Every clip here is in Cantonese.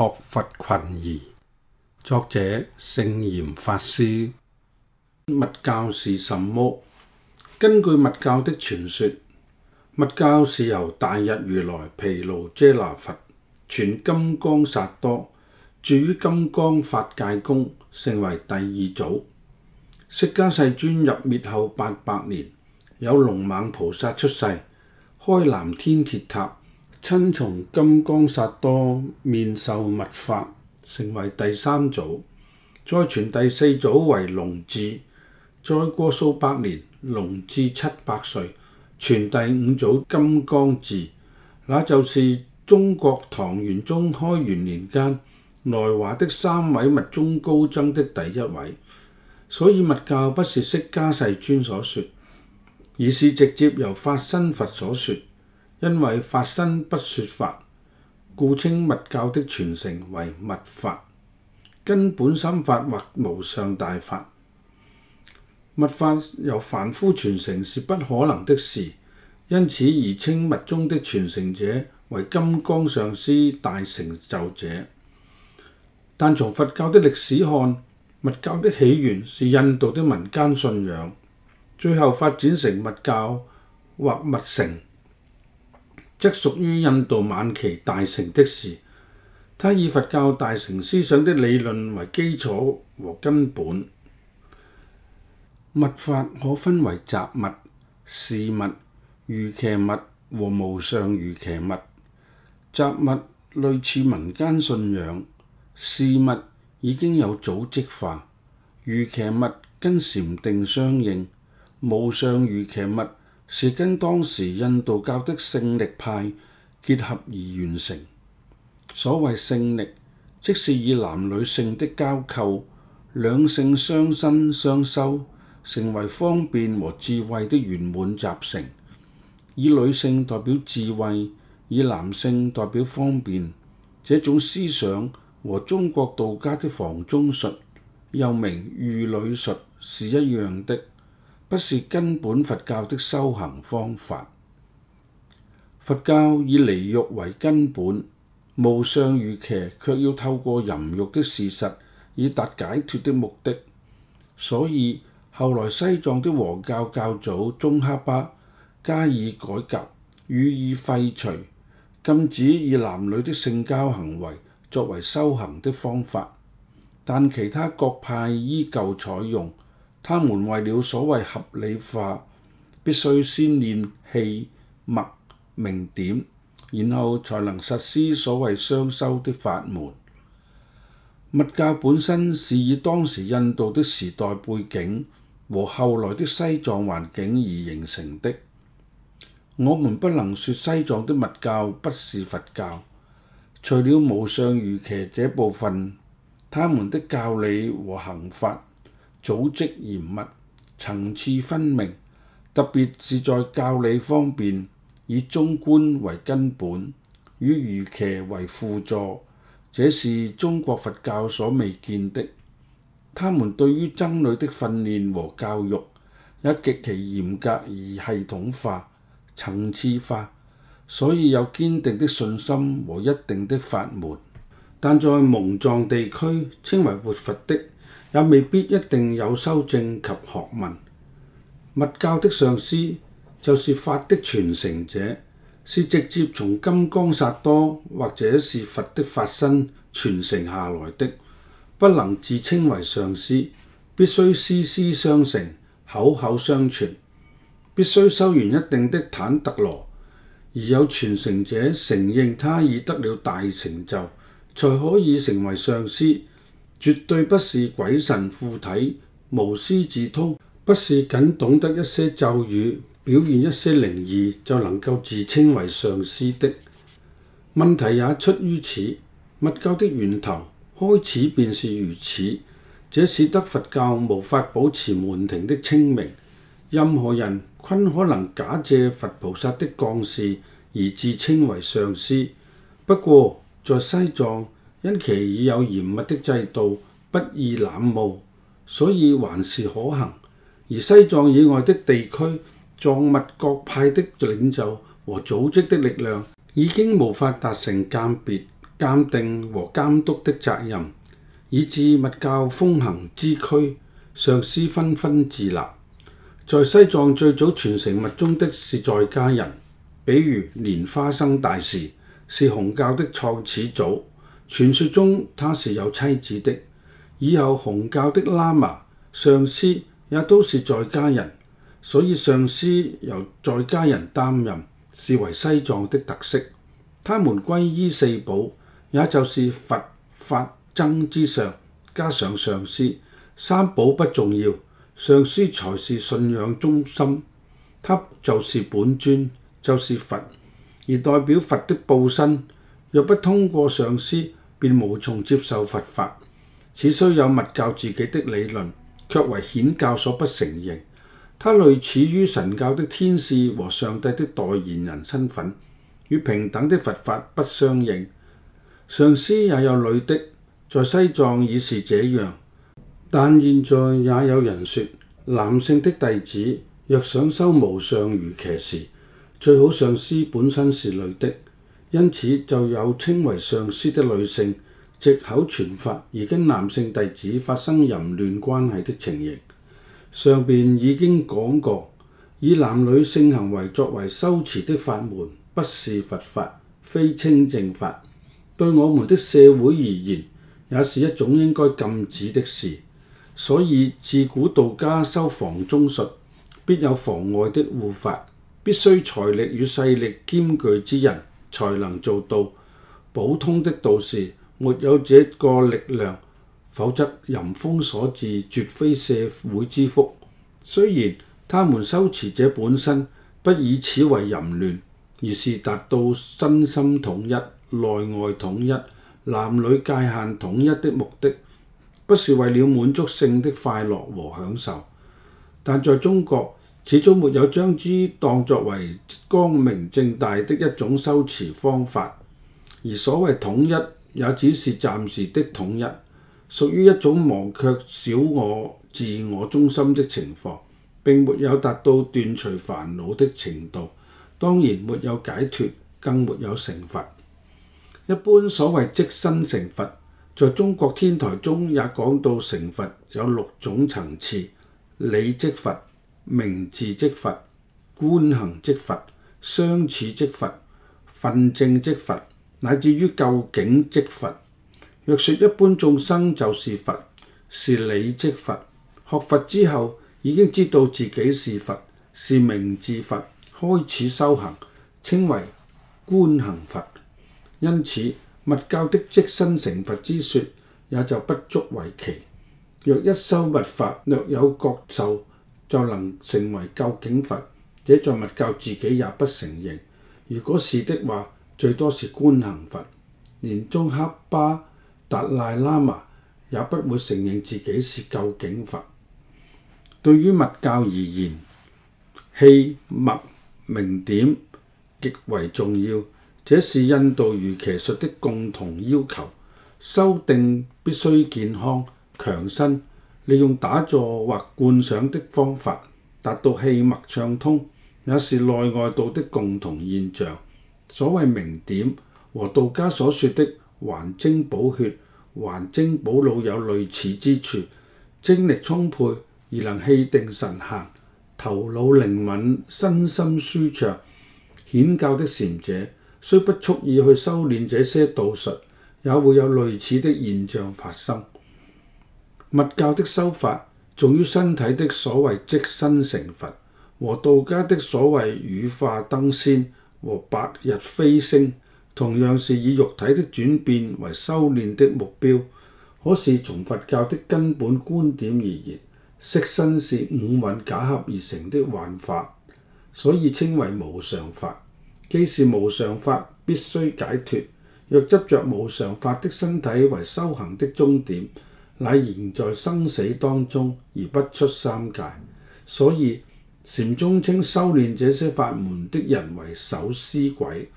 學佛群疑，作者聖嚴法師。密教是什麼？根據密教的傳說，密教是由大日如來、毗盧遮那佛、傳金剛薩多，住於金剛法界宮，成為第二祖。釋迦世尊入滅後八百年，有龍猛菩薩出世，開南天鐵塔。親從金剛薩多面授密法，成為第三祖；再傳第四祖為龍智。再過數百年，龍智七百歲，傳第五祖金剛智。那就是中國唐玄宗開元年間來華的三位密宗高僧的第一位。所以，密教不是釋迦世尊所說，而是直接由法身佛所說。因為法身不說法，故稱密教的傳承為密法、根本心法或無上大法。密法由凡夫傳承是不可能的事，因此而稱密宗的傳承者為金剛上師、大成就者。但從佛教的歷史看，密教的起源是印度的民間信仰，最後發展成密教或密乘。即屬於印度晚期大乘的事。它以佛教大乘思想的理論為基礎和根本。密法可分為雜密、事密、瑜伽密和無上瑜伽密。雜密類似民間信仰，事密已經有組織化，瑜伽密跟禪定相應，無上瑜伽密。是跟當時印度教的性力派結合而完成。所謂性力，即是以男女性的交媾，兩性相生相修，成為方便和智慧的圓滿集成。以女性代表智慧，以男性代表方便，這種思想和中國道家的房中術，又名御女術，是一樣的。不是根本佛教的修行方法。佛教以離欲為根本，無上瑜伽卻要透過淫欲的事實以達解脫的目的。所以後來西藏的黃教教祖宗喀巴加以改革，予以廢除，禁止以男女的性交行為作為修行的方法。但其他各派依舊採用。他們為了所謂合理化，必須先練氣、脈、明點，然後才能實施所謂雙修的法門。密教本身是以當時印度的時代背景和後來的西藏環境而形成的。我們不能說西藏的密教不是佛教，除了無上瑜伽這部分，他們的教理和行法，組織嚴密、層次分明，特別是在教理方面，以中觀為根本，以瑜伽為輔助，這是中國佛教所未見的。他們對於僧侶的訓練和教育也極其嚴格而系統化、層次化，所以有堅定的信心和一定的法門。但在蒙藏地區，稱為活佛的。也未必一定有修證及學問。密教的上師，就是法的傳承者，是直接從金剛薩多或者是佛的法身傳承下來的，不能自稱為上師，必須師師相承，口口相傳，必須修完一定的坦特羅，而有傳承者承認他已得了大成就，才可以成為上師。絕對不是鬼神附體、無師自通，不是僅懂得一些咒語、表現一些靈異，就能夠自稱為上師的。問題也出於此，密教的源頭開始便是如此，這使得佛教無法保持門庭的清明。任何人均可能假借佛菩薩的降世而自稱為上師。不過在西藏，因其已有嚴密的制度，不易濫冒，所以還是可行。而西藏以外的地區，藏密各派的領袖和組織的力量已經無法達成鑑別、鑑定和監督的責任，以致密教風行之區，上師紛紛自立。在西藏最早傳承密宗的是在家人，比如蓮花生大士是紅教的創始祖。傳說中他是有妻子的，以後紅教的喇嘛上師也都是在家人，所以上師由在家人擔任視為西藏的特色。他們皈依四寶，也就是佛法僧之上，加上上師三寶不重要，上師才是信仰中心。他就是本尊，就是佛，而代表佛的報身。若不通過上師，便無從接受佛法，此雖有密教自己的理論，卻為顯教所不承認。它類似於神教的天使和上帝的代言人身份，與平等的佛法不相應。上師也有女的，在西藏已是這樣，但現在也有人說，男性的弟子若想修無上瑜伽時，最好上師本身是女的。因此就有稱為上師的女性借口傳法而跟男性弟子發生淫亂關係的情形。上邊已經講過，以男女性行為作為修持的法門不是佛法，非清淨法。對我們的社會而言，也是一種應該禁止的事。所以自古道家修房中術必有房外的護法，必須財力與勢力兼具之人。才能做到，普通的道士沒有這個力量，否則淫風所至，絕非社會之福。雖然他們修持者本身不以此為淫亂，而是達到身心統一、內外統一、男女界限統一的目的，不是為了滿足性的快樂和享受，但在中國，始終沒有將之當作為光明正大的一種修持方法，而所謂統一也只是暫時的統一，屬於一種忘卻小我、自我中心的情況，並沒有達到斷除煩惱的程度，當然沒有解脫，更沒有成佛。一般所謂即身成佛，在中國天台宗也講到成佛有六種層次，理即佛。名字即佛，觀行即佛，相似即佛，分證即佛，乃至於究竟即佛。若說一般眾生就是佛，是理即佛；學佛之後已經知道自己是佛，是名字佛，開始修行，稱為觀行佛。因此，密教的即身成佛之說也就不足為奇。若一修密法，略有覺受，就能成為究竟佛，這在密教自己也不承認。如果是的話，最多是觀行佛，連中黑巴達賴喇嘛也不會承認自己是究竟佛。對於密教而言，氣脈明點極為重要，這是印度瑜伽術的共同要求。修定必須健康強身。利用打坐或觀想的方法，達到氣脈暢通，也是內外道的共同現象。所謂明點，和道家所說的還精補血、還精補腦有類似之處，精力充沛而能氣定神閒，頭腦靈敏、身心舒暢。顯教的禪者雖不蓄意去修煉這些道術，也會有類似的現象發生。佛教的修法重於身體的所謂即身成佛，和道家的所謂羽化登仙和白日飛升，同樣是以肉體的轉變為修練的目標。可是從佛教的根本觀點而言，色身是五蘊假合而成的幻法，所以稱為無常法。既是無常法，必須解脱。若執着無常法的身體為修行的終點，乃然，在生死當中而不出三界，所以禪宗稱修練這些法門的人為守屍鬼。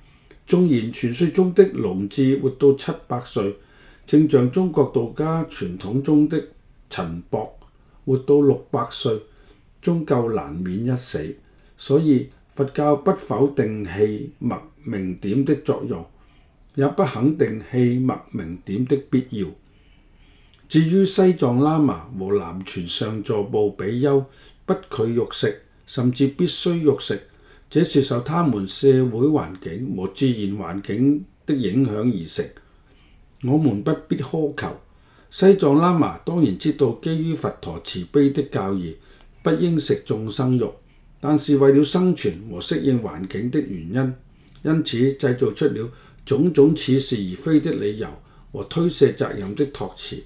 縱然傳說中的龍智活到七百歲，正像中國道家傳統中的陳博活到六百歲，終究難免一死。所以佛教不否定氣脈明點的作用，也不肯定氣脈明點的必要。至於西藏喇嘛和南傳上座部比丘不拒肉食，甚至必須肉食，這是受他們社會環境和自然環境的影響而成。我們不必苛求。西藏喇嘛當然知道基於佛陀慈悲的教義，不應食眾生肉，但是為了生存和適應環境的原因，因此製造出了種種似是而非的理由和推卸責任的託詞。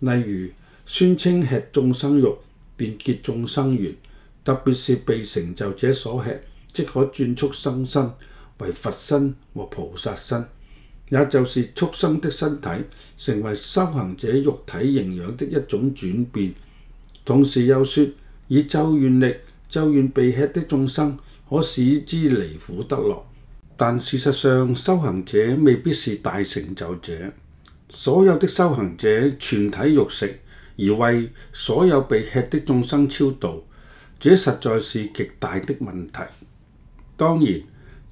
例如宣稱吃眾生肉便結眾生緣，特別是被成就者所吃，即可轉畜生身為佛身和菩薩身，也就是畜生的身體成為修行者肉體營養的一種轉變。同時又說以咒願力咒願被吃的眾生可使之離苦得樂，但事實上修行者未必是大成就者。所有的修行者全體肉食，而為所有被吃的眾生超度，這實在是極大的問題。當然，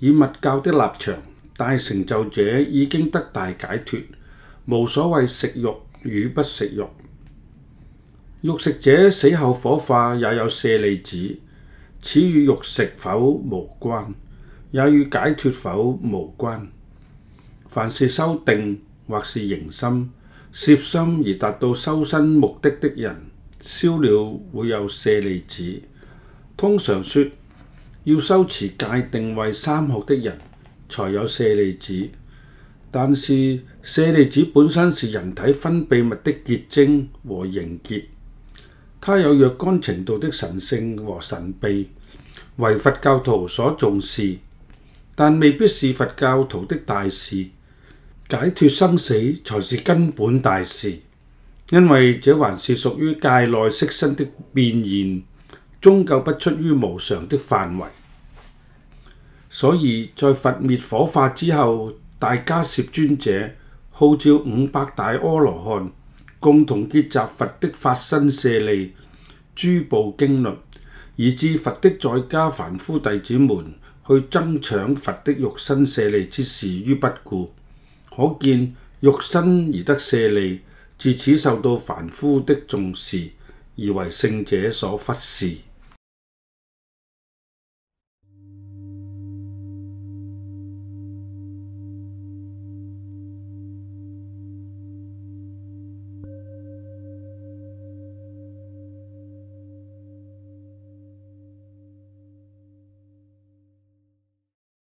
以佛教的立場，大成就者已經得大解脫，無所謂食肉與不食肉。肉食者死後火化也有舍利子，此與肉食否無關，也與解脫否無關。凡是修定，或是凝心、攝心而達到修身目的的人，燒了會有舍利子。通常說，要修持戒定為三學的人，才有舍利子。但是，舍利子本身是人體分泌物的結晶和凝結，它有若干程度的神聖和神秘，為佛教徒所重視，但未必是佛教徒的大事。解脫生死才是根本大事，因為這還是屬於界內色身的變現，終究不出於無常的範圍。所以在佛滅火化之後，大迦葉尊者號召五百大阿羅漢共同結集佛的法身舍利、諸部經律，而置佛的在家凡夫弟子們去爭搶佛的肉身舍利之事於不顧。可見肉身而得舍利，自此受到凡夫的重視，而為聖者所忽視。